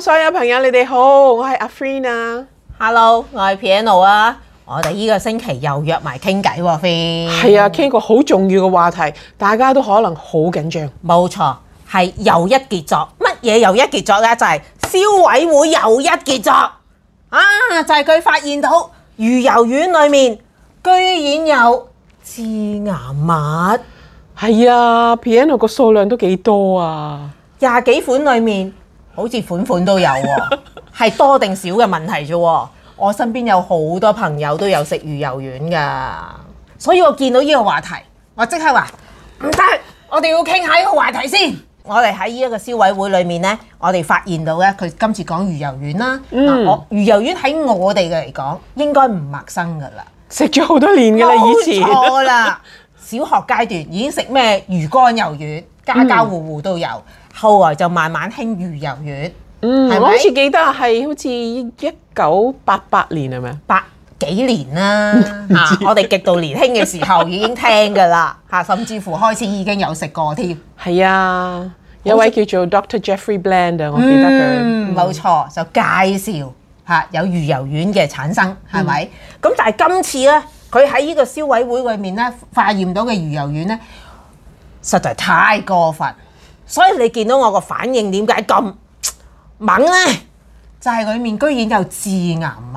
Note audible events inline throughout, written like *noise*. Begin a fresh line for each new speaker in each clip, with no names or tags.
所有朋友，你哋好，我係阿 Fin 啊，Hello，我係 Piano 啊，我哋呢個星期又約埋傾偈，Fin 係啊，傾個好重要嘅話題，大家都可能好緊張，冇錯，係又一傑作，乜嘢又一傑作呢？就係、是、消委會又一傑作啊！就係、是、佢發現到魚油丸裏面居然有致癌物，
係啊，Piano 個數
量都幾多啊，廿幾款裏面。好似款款都有喎，係多定少嘅問題啫。我身邊有好多朋友都有食魚油丸噶，所以我見到呢個話題，我即刻話唔得，我哋要傾下呢個話題先。我哋喺呢一個消委會裏面呢，我哋發現到呢，佢今次講魚油丸啦。嗱、嗯，我魚油丸喺我哋嘅嚟講應該唔陌生噶啦，
食咗好多年噶啦，以前冇錯啦，
小學階段已經食咩魚肝油丸，家家戶戶都有。嗯後來、啊、就慢慢興魚油丸，嗯，
是是我好似記得係好似一九八八年係咪？八幾年
啦、啊、吓、嗯啊啊，我哋極度年輕嘅時候已經聽噶啦，吓、 *laughs* 啊，甚至乎開始已經有食過添。
係啊，有位叫做 Dr. Jeffrey Bland 我記得佢冇
錯，就介紹吓、啊、有魚油丸嘅產生，係、嗯、咪？咁但係今次咧、啊，佢喺呢個消委會裏面咧，發現到嘅魚油丸咧，實在太過分。所以你見到我個反應點解咁猛呢？就係裡面居然有致癌物，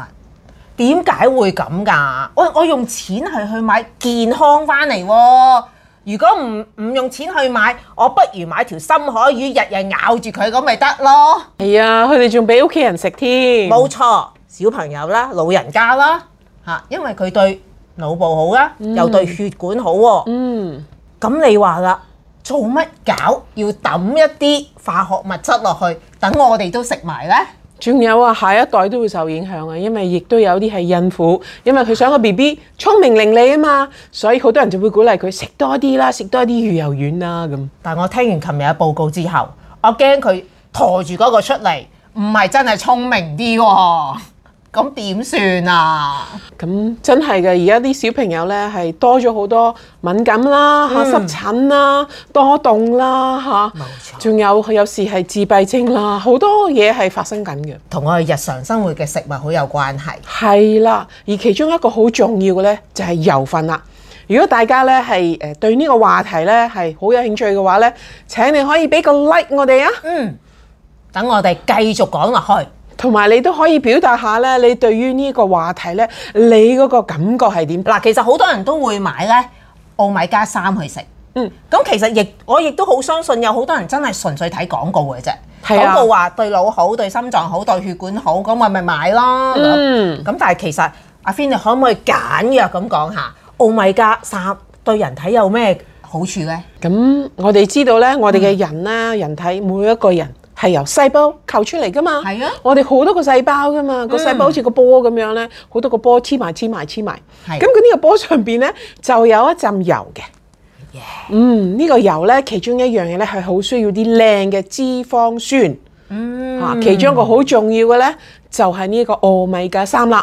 點解會咁㗎？我我用錢係去買健康翻嚟喎。如果唔唔用錢去買，我不如買條深海魚，日日咬住佢咁咪得咯。係啊，佢哋仲俾屋企人食添。冇錯，小朋友啦，老人家啦，嚇，因為佢對腦部好啦，又對血管好喎。嗯，咁你話啦。做乜搞？要抌一啲化學物質落去，等我哋都食埋呢？
仲有啊，下一代都會受影響啊，因為亦都有啲係孕婦，因為佢想個 B B 聰明伶俐啊嘛，所以好多人就會鼓勵佢食多啲啦，食多啲
魚油丸啦咁。但係我聽完琴日嘅報告之後，我驚佢陀住嗰個出嚟，唔係真係聰明啲喎。咁點算啊？
咁真係嘅，而家啲小朋友呢係多咗好多敏感啦、嚇濕疹啦、多動啦、嚇，冇錯，仲有有時係自閉症啦，好多嘢係發生緊嘅，同我哋日常生活嘅食物好有關係。係啦，而其中一個好重要嘅呢就係油份啦。如果大家呢係誒對呢個話題呢係好有興趣嘅話呢，請你可以俾個 like 我哋啊。嗯，等我哋
繼續講落去。同埋你都可以表達下咧，你對於呢個話題咧，你嗰個感覺係點？嗱，其實好多人都會買咧，奧米加三去食。嗯，咁其實亦我亦都好相信有好多人真係純粹睇廣告嘅啫。廣告話對腦好、對心臟好、對血管好，咁我咪買咯。嗯，咁但係其實阿 Fin，你可唔可以簡約咁講下奧米加三對人體有咩好處咧？
咁我
哋知道咧，我哋嘅人啦、嗯，人體每一個人。係由
細胞求出嚟噶嘛？係啊！我哋好多個細胞噶嘛，個細胞好似個波咁樣咧，好、嗯、多個波黐埋黐埋黐埋。係咁嗰啲個波上邊咧，就有一浸油嘅。Yeah. 嗯，呢、這個油咧，其中一樣嘢咧係好需要啲靚嘅脂肪酸。嗯，啊，其中一個好重要嘅咧，就係、是、呢個奧米加三啦。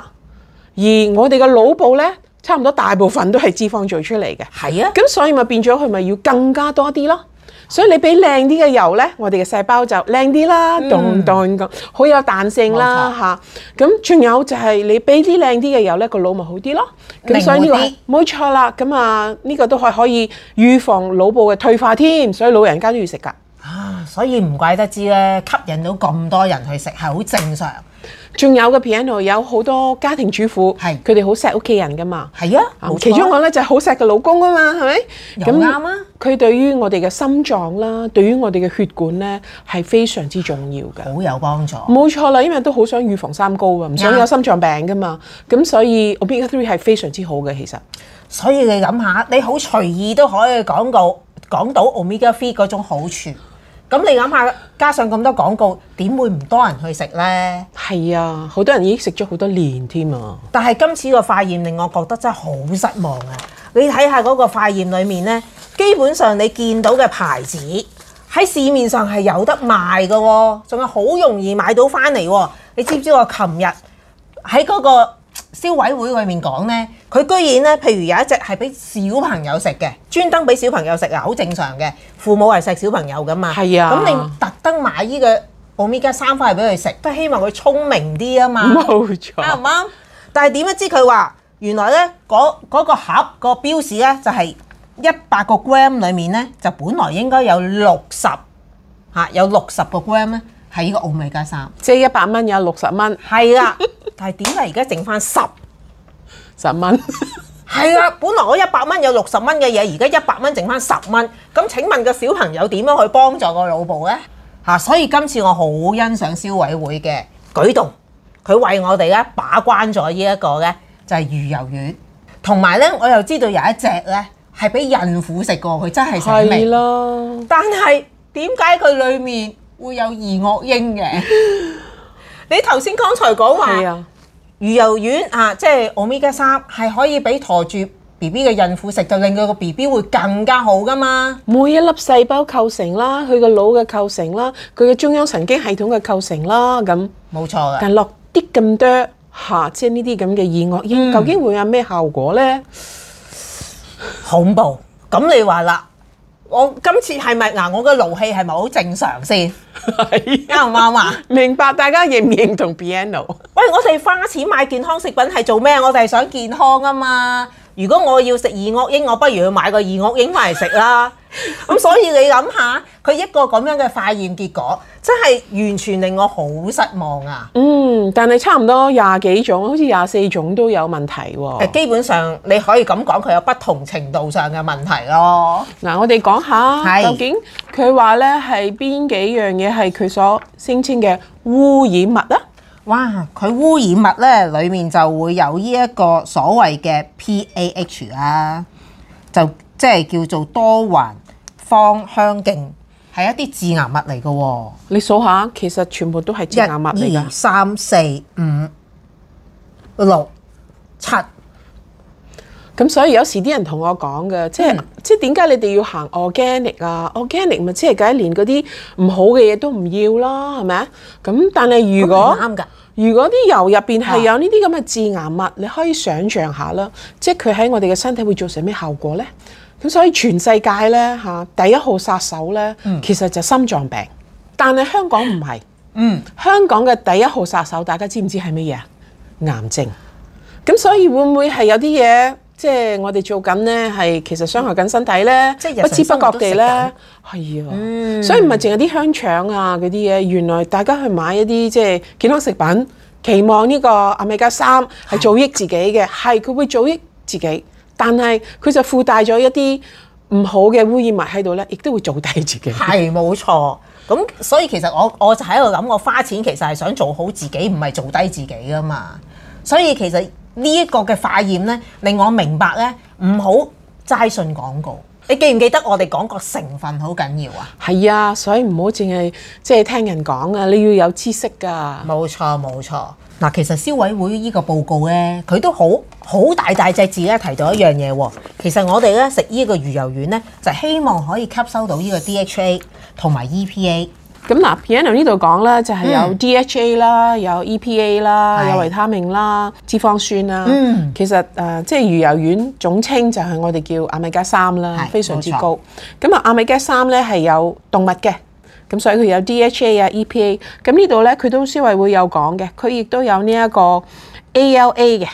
而我哋嘅腦部咧，差唔多大部分都係脂肪做出嚟嘅。係啊，咁所以咪變咗佢咪要更加多啲咯。所以你俾靚啲嘅油咧，我哋嘅細胞就靚啲啦，噉噉好有彈性啦嚇。咁仲有就係你俾啲靚啲嘅油咧，個腦咪好啲咯。咁所以呢個冇錯啦。咁啊，呢個都可可以預防腦部嘅退化添。所以老人家都要食㗎。
啊，所以唔怪得知咧，吸引到咁
多人去食，係好正常的。仲有個 piano 有好多家庭主婦，係佢哋好錫屋企人噶嘛。係啊、嗯、啊，其中一個咧就係好錫嘅老公啊嘛，係咪？咁啱啊！佢對於我哋嘅心臟啦，對於我哋嘅血管咧，係非常之重要嘅，好有幫助。冇錯啦，因為都好想預防三高啊，唔想有心臟病噶嘛。咁所以
omega three 係非常之好嘅，其實。所以你諗下，你好隨意都可以講到講到 omega three 嗰種好處。咁你諗下，加上咁多廣告，點會唔多人去食呢？係啊，好多人已經食咗好多年添啊！但係今次個化驗令我覺得真係好失望啊！你睇下嗰個化驗裏面呢，基本上你見到嘅牌子喺市面上係有得賣嘅喎，仲係好容易買到翻嚟喎！你知唔知我琴日喺嗰個消委會裏面講呢，佢居然呢，譬如有一隻係俾小朋友食嘅，專登俾小朋友食啊，好正常嘅。父母係錫小朋友噶嘛，係啊。咁你特登買呢個奧米加三塊俾佢食，都希望佢聰明啲啊嘛。冇錯，啱唔啱？但係點樣知佢話，原來呢嗰、嗰個盒個標示呢，就係一百個 gram 裡面呢，就本來應該有六十嚇，有六十個 gram 咧。係呢個奧米加三，即係一百蚊有六十蚊。係啦，但係點解而家剩翻十十蚊？係啦，本來我一百蚊有六十蚊嘅嘢，而家一百蚊剩翻十蚊。咁請問個小朋友點樣去幫助個老婆呢？嚇、啊！所以今次我好欣賞消委會嘅舉動，佢為我哋咧把關咗呢一個呢就係、是、魚油丸，同埋呢，我又知道有一隻呢，係俾孕婦食過，佢真係犀利咯。但係點解佢裡面？會有二噁英嘅。你頭先剛才講話，係啊，魚油丸啊，即係 Omega-3，係可以俾陀住 BB 嘅孕婦食，就令個 BB 會更加好㗎嘛。
每一粒細胞構成啦，佢個腦嘅構成啦，佢嘅中央神經系統嘅構成啦。咁冇錯嘅。但落啲咁多吓，即係呢啲咁嘅二噁英，究竟會有咩效果呢？
恐怖！咁你話啦。我今次係咪？嗱，我個勞氣係咪好正常先？啱唔啱啊？ *laughs* *laughs* *laughs* *laughs* 明白，大家認唔認同 Piano？ *laughs* 喂！我哋花錢買健康食品係做咩？我哋係想健康啊嘛～如果我要食二惡英，我不如去買個二惡英翻嚟食啦。咁、嗯、所以你諗下，佢一個咁樣嘅化驗結果，真係完全令我好失望啊！嗯，
但係差唔多廿幾種，好似廿四種都有問題喎、啊。基
本上你可以咁講，佢有不同程度上嘅問題咯。
嗱、嗯，我哋講下究竟佢話呢係邊幾樣嘢係佢所聲稱嘅
污染物啦。哇！佢污染物咧，裏面就會有呢一個所謂嘅 PAH 啦，就即係叫做多環芳香烴，係一啲致癌物嚟嘅。你數下，其實全部都係致癌物嚟㗎。三、四、五、六、七。
咁所以有時啲人同我講嘅，即係、嗯、即係點解你哋要行 organic 啊？organic 咪即係解連嗰啲唔好嘅嘢都唔要囉，係咪啊？咁但係如果啱噶。如果啲油入邊係有呢啲咁嘅致癌物，啊，你可以想象一下啦，即係佢喺我哋嘅身體會造成咩效果呢？咁所以全世界呢，吓，第一號殺手呢，其實就心臟病，但係香港唔係，嗯，香港嘅第一號殺手，大家知唔知係乜嘢？癌症，咁所以會唔會係有啲嘢？即係我哋做緊呢，係其實傷害緊身體咧，不知不覺地呢，係啊，所以唔係淨係啲香腸啊嗰啲嘢。原來大家去買一啲即係健康食品，期望呢個阿美加三係做益自己嘅，係佢會做益自己，但係佢就附帶咗一啲唔好嘅污染物
喺度呢，亦都會做低自己。係冇錯，咁所以其實我我就喺度諗，我花錢其實係想做好自己，唔係做低自己噶嘛，所以其實。呢一個嘅化驗咧，令我明白咧，唔好齋信廣告。你記唔記得我哋講個成分好緊要
啊？係啊，所以唔好淨係即係聽人講啊，你要有知
識㗎。冇錯冇錯。嗱，其實消委會呢個報告咧，佢都好好大大隻字咧，提到一樣嘢喎。其實我哋咧食呢個魚油丸咧，就係希望可以吸收到呢個 DHA 同埋 EPA。
咁嗱，Piano 呢度講咧，就係有 DHA 啦，有 EPA 啦，有維他命啦，脂肪酸啦。嗯，其實誒，即係魚油丸總稱就係我哋叫亞米加三啦，非常之高。咁啊，亞米加三咧係有動物嘅，咁所以佢有 DHA 啊、EPA。咁呢度咧，佢都消委會有講嘅，佢亦都有呢一個 ALA 嘅。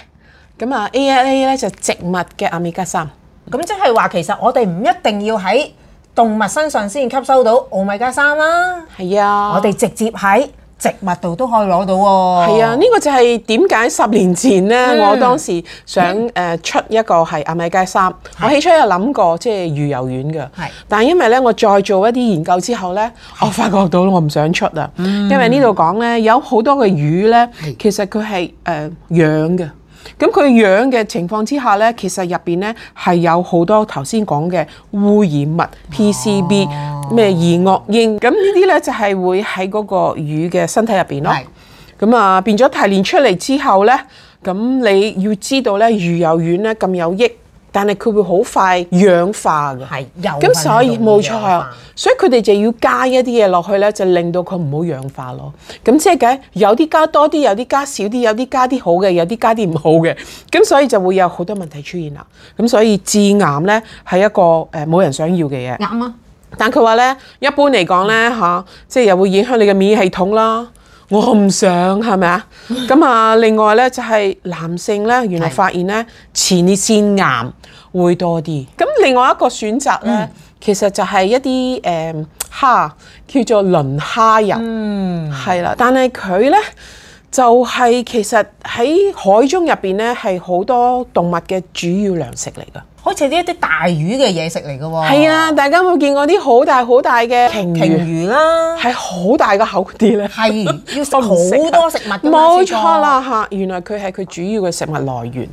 咁啊
，ALA 咧就植物嘅亞米加三。咁即係話，其實我哋唔一定要喺動物身上先吸收到奧米加三啦，係啊，我哋直接喺植物度都可以攞到喎、哦。係啊，
呢、這個就係點解十年前呢？我當時想誒出一個係奧米加三，我起初有諗過即係、就是、魚油丸嘅，係，但係因為咧我再做一啲研究之後呢，我發覺到我唔想出啊、嗯，因為呢度講呢，有好多嘅魚呢，其實佢係誒養嘅。咁佢養嘅情況之下呢，其實入邊呢係有好多頭先講嘅污染物 PCB 咩二惡英，咁呢啲呢，就係、是、會喺嗰個魚嘅身體入邊咯。咁啊變咗提煉出嚟之後呢，咁你要知道呢，魚油丸呢，咁有益。但係佢會好快氧化嘅，係咁所以冇錯，所以佢哋就要加一啲嘢落去咧，就令到佢唔好氧化咯。咁即係嘅，有啲加多啲，有啲加少啲，有啲加啲好嘅，有啲加啲唔好嘅。咁所以就會有好多問題出現啦。咁所以致癌咧係一個誒冇人想要嘅嘢。啱、嗯、啊！但佢話咧，一般嚟講咧嚇，即係又會影響你嘅免疫系統啦。我唔想，係咪啊？咁 *laughs* 啊，另外呢就係、是、男性呢，原來發現呢前列腺癌會多啲。咁另外一個選擇呢，嗯、其實就係一啲誒、呃、蝦，叫做磷蝦油，係、嗯、啦。但係佢呢。就係、是、其實喺海中入邊咧，係好多動物嘅主要糧食嚟噶，
好似啲一啲大魚嘅嘢食嚟噶喎。係
啊，大家有冇見過啲好大好大嘅鯨鯨魚啦？係好大個口啲咧，係要食好多食物。冇錯啦嚇，原來佢係佢主要嘅食物來源。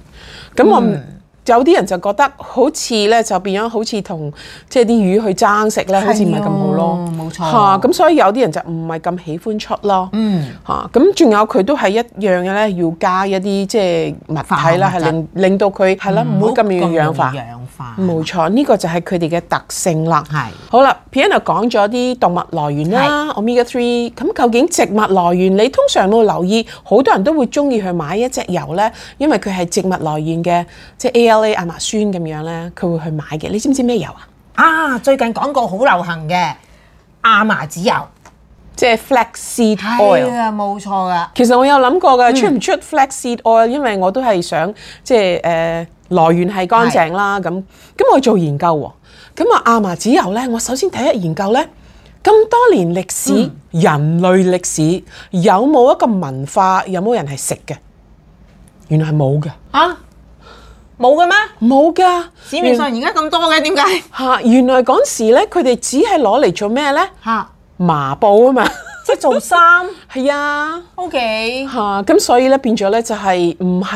咁我、嗯。有啲人就覺得好似咧，就變咗好似同即係啲魚去爭食咧，好似唔係咁好咯。冇錯嚇，咁、啊、所以有啲人就唔係咁喜歡出咯。嗯嚇，咁、啊、仲有佢都係一樣嘅咧，要加一啲即係物體啦，係令令到佢係啦，唔好咁易氧化。氧化冇錯，呢、這個就係佢哋嘅特性啦。係好啦，Piano 講咗啲動物來源啦，Omega 3，咁究竟植物來源你通常冇留意？好多人都會中意去買一隻油咧，因為佢係植物來源嘅，即係。A. LA, 阿麻酸咁樣咧，佢會去買嘅。你知唔知咩油啊？啊，最近講
過好流行嘅亞麻籽油，
即、就、係、是、flaxseed oil
啊，冇錯噶。
其實我有諗過嘅、嗯，出唔出 flaxseed oil？因為我都係想即係誒、呃、來源係乾淨啦。咁咁我做研究喎。咁啊，亞麻籽油咧，我首先第一研究咧，咁多年歷史、嗯，人類歷史有冇一個文化，有冇人係食嘅？原來係冇嘅。啊！冇嘅咩？冇噶。市面上而家咁多嘅，點解？嚇，原來嗰時咧，佢哋只係攞嚟做咩咧？嚇，麻布啊嘛。做衫係啊，OK 吓、啊，咁所以咧，變咗咧，就係唔係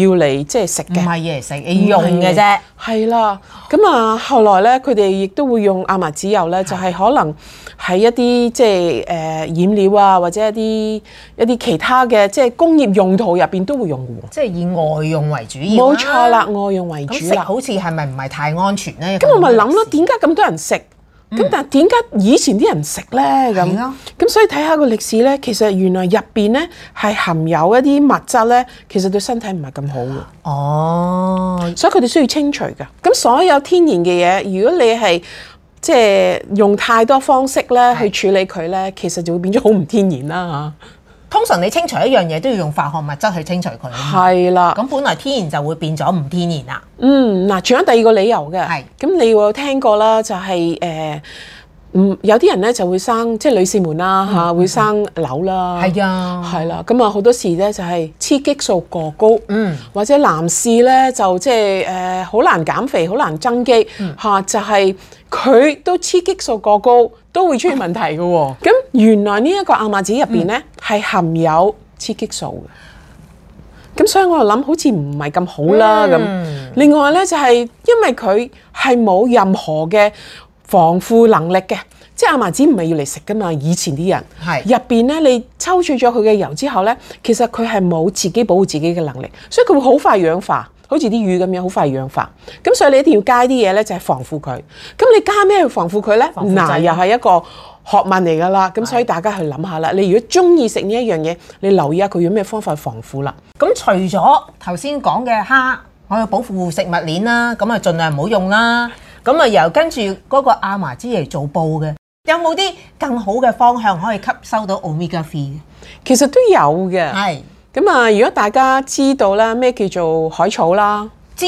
要嚟，即係食嘅，
唔係嘢食，要要用嘅啫。
係、嗯、啦，咁啊後來咧，佢哋亦都會用亞麻籽油咧，就係、是、可能喺一啲即係誒染料啊，或者一啲一啲其他嘅即係工業用途入邊都會用嘅。
即、就、係、是、以外用為主、啊，冇錯啦，外用為主啦。好
似係咪唔係太安全咧？咁我咪諗咯，點解咁多人食？咁但點解以前啲人食咧咁？咁、啊、所以睇下個歷史咧，其實原來入邊咧係含有一啲物質咧，其實對身體唔係咁好嘅。哦，所以佢哋需要清除㗎。咁所有天然嘅嘢，如果你係即係用太多方式咧去處理佢咧，其實就會變咗好唔天然啦吓通常你清除一樣嘢都要用化學物質去清
除佢。係
啦。咁本來天然就會變咗唔天然啦。嗯，嗱，都會出現問題嘅。哦，咁、啊、原來呢一個亞麻籽入邊呢係、嗯、含有雌激素嘅，咁所以我又諗好似唔係咁好啦咁。嗯、另外呢，就係、是、因為佢係冇任何嘅防腐能力嘅，即係亞麻籽唔係要嚟食噶嘛。以前啲人係入邊呢，你抽取咗佢嘅油之後呢，其實佢係冇自己保護自己嘅能力，所以佢會好快氧化。好似啲魚咁樣好快氧化，咁所以你一定要加啲嘢咧，就係、是、防腐佢。咁你加咩防腐佢咧？嗱，又係一個學問嚟噶啦。咁所以大家去諗下啦。你如果中意食呢一
樣嘢，你留意下佢用咩方法防腐啦。咁除咗頭先講嘅蝦，我嘅保護食物鏈啦，咁啊盡量唔好用啦。咁啊由跟住嗰個亞麻籽嚟做布嘅，有冇啲更好嘅方向可以吸收到 o m 奧米加三？
其實都有嘅。係。咁啊！如果大家知道啦，咩叫做海草啦？知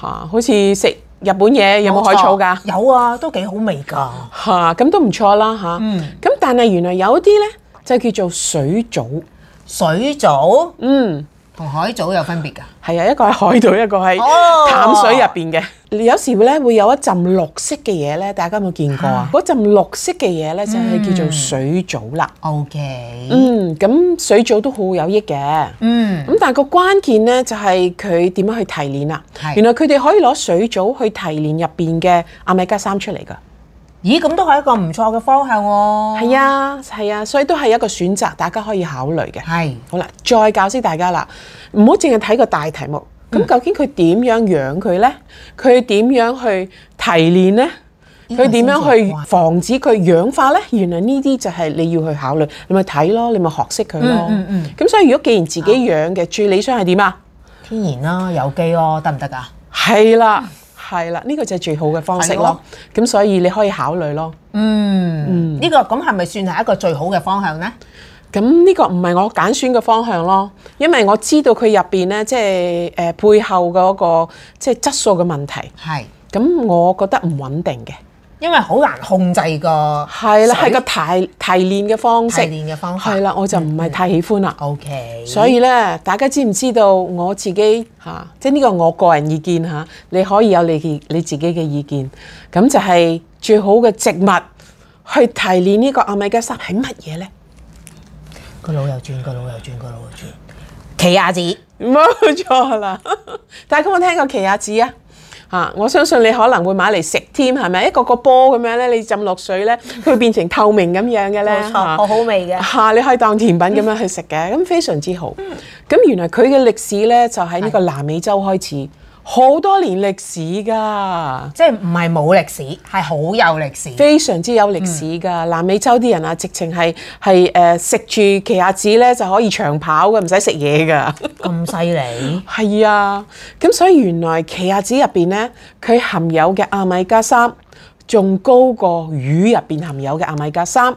嚇，好似食日本嘢有冇海草噶？
有啊，都幾好味噶。
嚇，咁都唔錯啦嚇。嗯。咁但係原來有啲咧，就叫做水藻。水藻？嗯。同海藻有分別㗎。係啊，一個喺海藻，一個喺淡水入邊嘅。有時咧會有一浸綠色嘅嘢咧，大家有冇見過啊？嗰浸綠色嘅嘢咧就係叫做水藻啦。OK，嗯，咁水藻都好有益嘅。嗯，咁但係個關鍵咧就係佢點樣去提煉啦。原來佢哋可以攞水藻去提煉入邊嘅阿米加三出嚟㗎。咦，咁都係一個唔錯嘅方向喎。係啊，係啊，啊，所以都係一個選擇，大家可以考慮嘅。係。好啦，再教識大家啦，唔好淨係睇個大題目。咁、嗯、究竟佢點樣養佢呢？佢點樣去提煉呢？
佢點樣去
防止佢氧、嗯、氧化呢？原來呢啲就係你要去考慮，你咪睇咯，你咪學識佢咯。嗯嗯，嗯。咁所以如果既然自己養嘅、嗯，最理想係點啊？
天然啦、啊，有
機咯、啊，得唔得噶？係啦、啊。 *laughs* 係啦，呢個就係最好嘅方式咯。咁所以你可以考慮咯。嗯，呢個咁係咪算係一個最好嘅方向咧？咁呢個唔係我揀選嘅方向咯，因為我知道佢入邊咧，即係誒背後嗰個即係質素嘅問題。係，咁我覺得唔穩定嘅。因為好難控制個係啦，係個提提煉嘅方式，提煉嘅方式，係啦，我就唔係太喜歡啦。嗯、OK，所以咧，大家知唔知道我自己嚇，即係呢個是我個人意見嚇，你可以有你嘅你自己嘅意見。咁就係最好嘅植物去提煉呢個阿米加三係乜嘢咧？
個腦又轉，個腦又轉，個腦又轉。
奇亞籽冇錯啦，大家有冇聽過奇亞籽啊？啊！我相信你可能會買嚟食添，係咪？一個個波咁樣咧，你浸落水咧，佢會變成透明咁樣嘅咧，冇錯、 *laughs* 啊、好好味嘅嚇、啊！你可以當甜品咁樣去食嘅，咁 *laughs* 非常之好。咁、嗯、原來佢嘅歷史咧就喺呢個南美洲開始。好多年歷史㗎，即係唔係冇歷史，係好有歷史，非常之有歷史㗎。嗯、南美洲啲人啊，直情係係誒食住奇亞籽咧就可以長跑嘅，唔使食嘢㗎。咁犀利？係啊，咁所以原來奇亞籽入邊咧，佢含有嘅阿米加三仲高過魚入邊含有嘅阿米加三，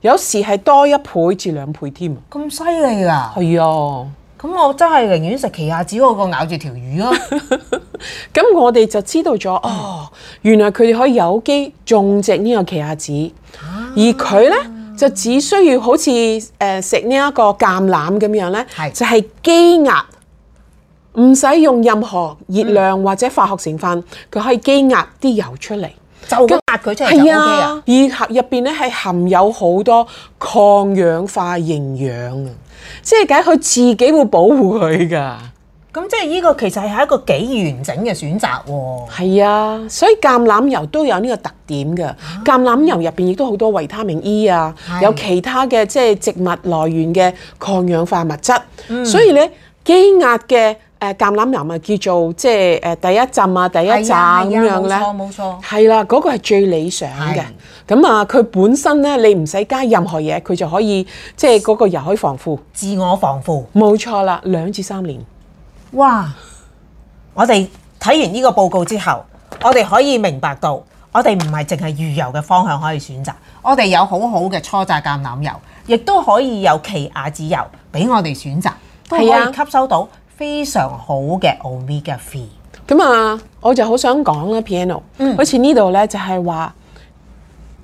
有時係多一倍至兩倍添。咁犀利啊！係啊。咁我真係寧願食奇亞籽嗰個咬住條魚咯。咁我哋就知道咗，哦，原來佢哋可以有機種植呢個奇亞籽，而佢呢，就只需要好似食呢一個橄欖咁樣呢，就係機壓，唔使用任何熱量或者化學成分，佢、嗯、可以機壓啲油出嚟，就壓佢出嚟、OK。係啊，而入面呢，係含有好多抗氧化營養即係解佢自己會保護佢噶，咁即係呢個其實係一個幾完整嘅選擇喎、啊。係啊，所以橄欖油都有呢個特點噶、啊。橄欖油入邊亦都好多維他命 E 啊，有其他嘅即係植物來源嘅抗氧化物質、嗯。所以咧，低壓嘅。誒橄欖油咪叫做即係誒第一浸啊，第一炸咁，啊啊、樣咧，係啦，嗰，啊嗰個係最理想嘅。咁啊，佢，啊、本身咧，你唔使加任何嘢，佢就可以即係嗰個油可以防腐，
自我防腐，冇錯啦，兩至三年。哇！我哋睇完呢個報告之後，我哋可以明白到，我哋唔係淨係魚油嘅方向可以選擇，我哋有很好好嘅初榨橄欖油，亦都可以有奇亞籽油俾我哋選擇，都可以吸收到。非常好嘅 omega three 咁啊！我就好
想講 Piano、嗯、好想講啦，piano 好似呢度咧，就係話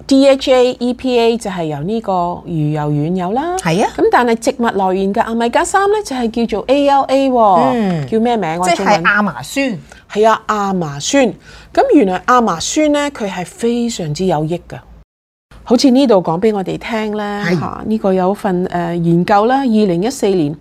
DHA EPA 就係由呢個魚油丸有啦，係啊。咁但係植物來源嘅阿米加三咧，就係叫做 ALA、嗯、叫咩名？我即係亞麻酸，係啊，亞麻酸。咁原來亞麻酸咧，佢係非常之有益嘅。好似呢度講俾我哋聽咧，嚇呢、啊呢個有份誒研究啦，二零一四年。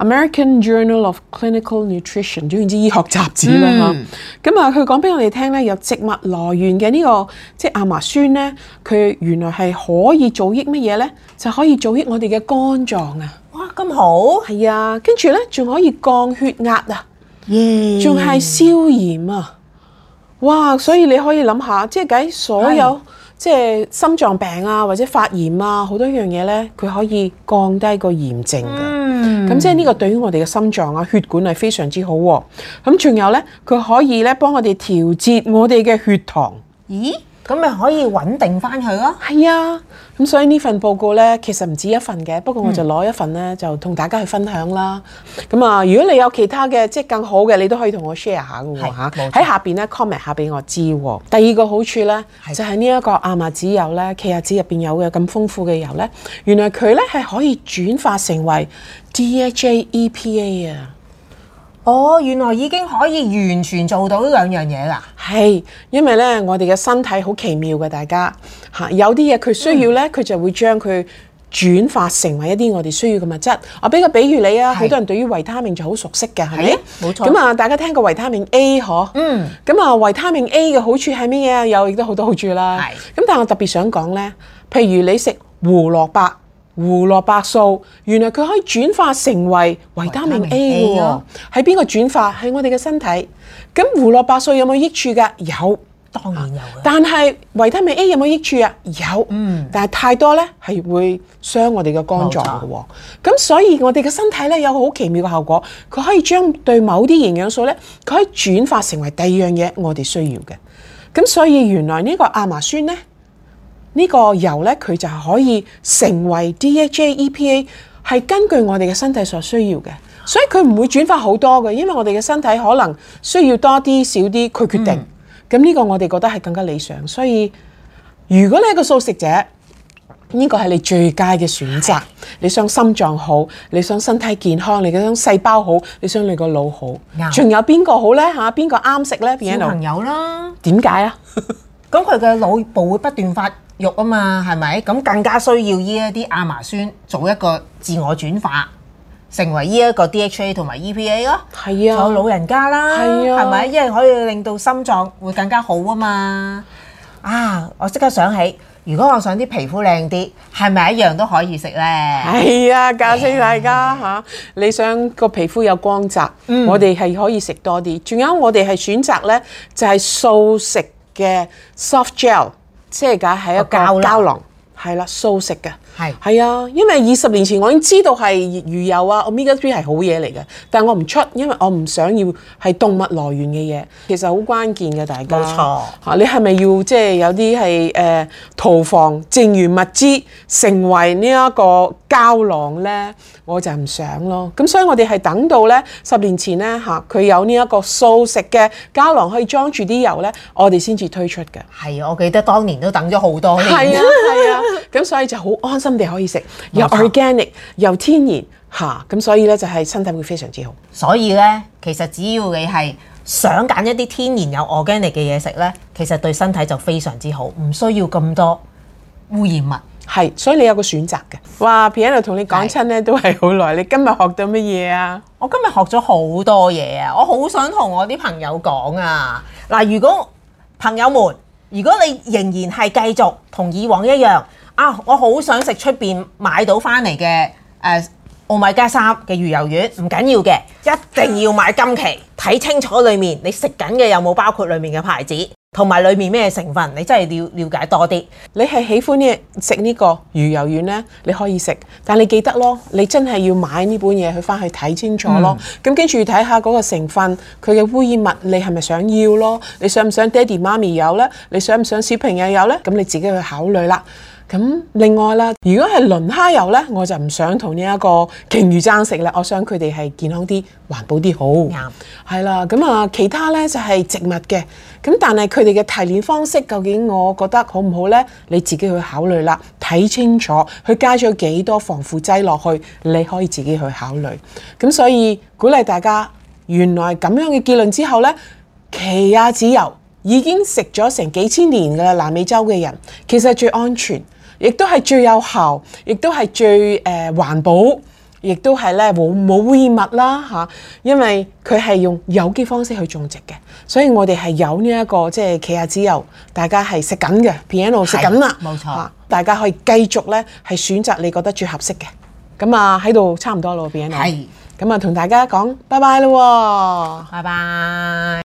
American Journal of Clinical Nutrition，總言之醫學雜誌啦咁啊，佢講俾我哋聽咧，有植物來源嘅呢、呢個即係亞麻酸咧，佢原來係可以造益乜嘢咧？就可以造益我哋嘅肝臟啊！哇，咁好！係啊，跟住咧，仲可以降血壓啊，仲、嗯、係消炎啊！哇，所以你可以諗下，即係解所有即係心臟病啊，或者發炎啊，好多樣嘢咧，佢可以降低個炎症嘅。嗯，咁即係呢個對於我哋嘅心臟啊、血管係非常之好哦，咁仲有呢，佢可以呢幫我哋調節我哋嘅血糖。咦？咁咪可以穩定翻佢咯。係啊，咁所以呢份報告呢，其實唔止一份嘅。不過我就攞一份呢，就同大家去分享啦。咁啊，如果你有其他嘅即係更好嘅，你都可以同我 share 下㗎喎。喺下面呢，comment 下俾我知、嗯。第二個好處呢，就係呢一個亞麻籽油呢，其實籽入面有嘅咁豐富嘅油呢，原來佢呢係可以轉化成為 DHA EPA 啊。哦，原來已經可以完全做到呢兩樣嘢喇，係因為咧，我哋嘅身體好奇妙嘅，大家嚇有啲嘢佢需要咧，佢、嗯、就會將佢轉化成為一啲我哋需要嘅物質。我俾個比喻你啊，好多人對於維他命就好熟悉嘅，係咪？冇錯。咁啊，大家聽過維他命 A 嗬？嗯。咁啊，維他命 A 嘅好處係乜嘢啊？也有亦都好多好處啦。係。咁但係我特別想講咧，譬如你食胡蘿蔔。胡蘿蔔素，原來佢可以轉化成為維他命 A 喎。喺邊個轉化？喺我哋嘅身體。咁胡蘿蔔素有冇益處噶？有，當然有。但係維他命 A 有冇益處啊？有。嗯。但係太多呢係會傷我哋嘅肝臟嘅。咁所以我哋嘅身體呢，有個好奇妙嘅效果，佢可以將對某啲營養素呢，佢可以轉化成為第二樣嘢我哋需要嘅。咁所以原來呢個亞麻酸呢。呢、這個油呢，佢就可以成為 DHA EPA，係根據我哋嘅身體所需要嘅，所以佢唔會轉化好多嘅，因為我哋嘅身體可能需要多啲少啲，佢決定。咁、嗯、呢、這個我哋覺得係更加理想。所以如果你係個素食者，呢、這個係你最佳嘅選擇。你想心臟好，你想身體健康，你想細胞，胞好，你想你個腦好，仲、嗯、有邊個好呢？吓、
啊，邊個啱食呢？小朋友啦，點解啊？咁佢嘅腦部會不斷發肉啊嘛，係咪？咁更加需要呢一啲亞麻酸做一個自我轉化，成為呢一個 DHA 同埋 EPA 咯。係啊，仲有老人家啦，係咪、啊？因為可以令到心臟會更加好啊嘛。啊，我即刻想起，如果我想啲皮膚靚啲，係咪一樣都可以食咧？係、哎、啊，教識大
家嚇、哎，你想個皮膚有光澤，嗯、我哋係可以食多啲。仲有我哋係選擇咧，就係、是、素食嘅 Soft Gel。即係架係一個膠囊，係、啊、啦，素食嘅係係啊，因為二十年前我已經知道係魚油啊、Omega Three 係好嘢嚟嘅，但係我唔出，因為我唔想要係動物來源嘅嘢。其實好關鍵嘅，大家冇錯、啊、你係咪要即係有啲係誒屠房剩餘物資成為這個膠囊呢一個膠囊咧？我就唔想咯。咁所以我哋係等到咧十年前咧嚇，佢、啊、有呢一個素食嘅膠囊可以裝住啲油咧，我哋先至推出嘅。係啊，我記得當年都等咗好多年。係啊係啊，咁、啊、所以就好安。 *laughs* 心地可以食，又 organic 又天然，
吓咁、啊、所以咧就係、是、身體會非常之好。所以咧，其實只要你係想揀一啲天然有 organic 嘅嘢食咧，其實對身體就非常之好，唔需要咁多污染物。係，所以你有個選擇嘅。哇，Piano 同你講親咧，都係好耐。你今日學到乜嘢啊？我今日學咗好多嘢啊！我好想同我啲朋友講啊。嗱，如果朋友們，如果你仍然係繼續同以往一樣。啊！我好想食出邊買到翻嚟嘅誒奧米加三嘅魚油丸，唔緊要嘅，一定要買今期睇清楚裏面你食緊嘅有冇包括裏面嘅牌子，同埋裏面咩成分，你真係了了解多啲。你係喜歡嘅食呢個魚油丸呢？你可以食，但你記得咯，你真係
要買呢本嘢去翻去睇清楚咯。咁跟住睇下嗰個成分，佢嘅污染物你係咪想要咯？你想唔想爹哋媽咪有呢？你想唔想小朋友有呢？咁你自己去考慮啦。咁另外啦，如果係輪蝦油呢，我就唔想同呢一個鯨魚爭食啦。我想佢哋係健康啲、環保啲好。係啦，咁啊其他呢就係植物嘅。咁但係佢哋嘅提煉方式究竟我覺得好唔好呢？你自己去考慮啦，睇清楚佢加咗幾多防腐劑落去，你可以自己去考慮。咁所以鼓勵大家，原來咁樣嘅結論之後呢，奇亞籽油已經食咗成幾千年㗎啦。南美洲嘅人其實最安全。亦都係最有效，亦都係最誒環保，亦都係咧冇冇污染物啦嚇。因為佢係用有機方式去種植嘅，所以我哋係有呢一個即係旗下之友，大家係食緊嘅。Piano，食緊啦，冇錯。大家可以繼續咧係選擇你覺得最合適嘅。咁啊喺度差唔多咯，Piano。係咁啊，同大家講，拜拜啦，喎，拜拜。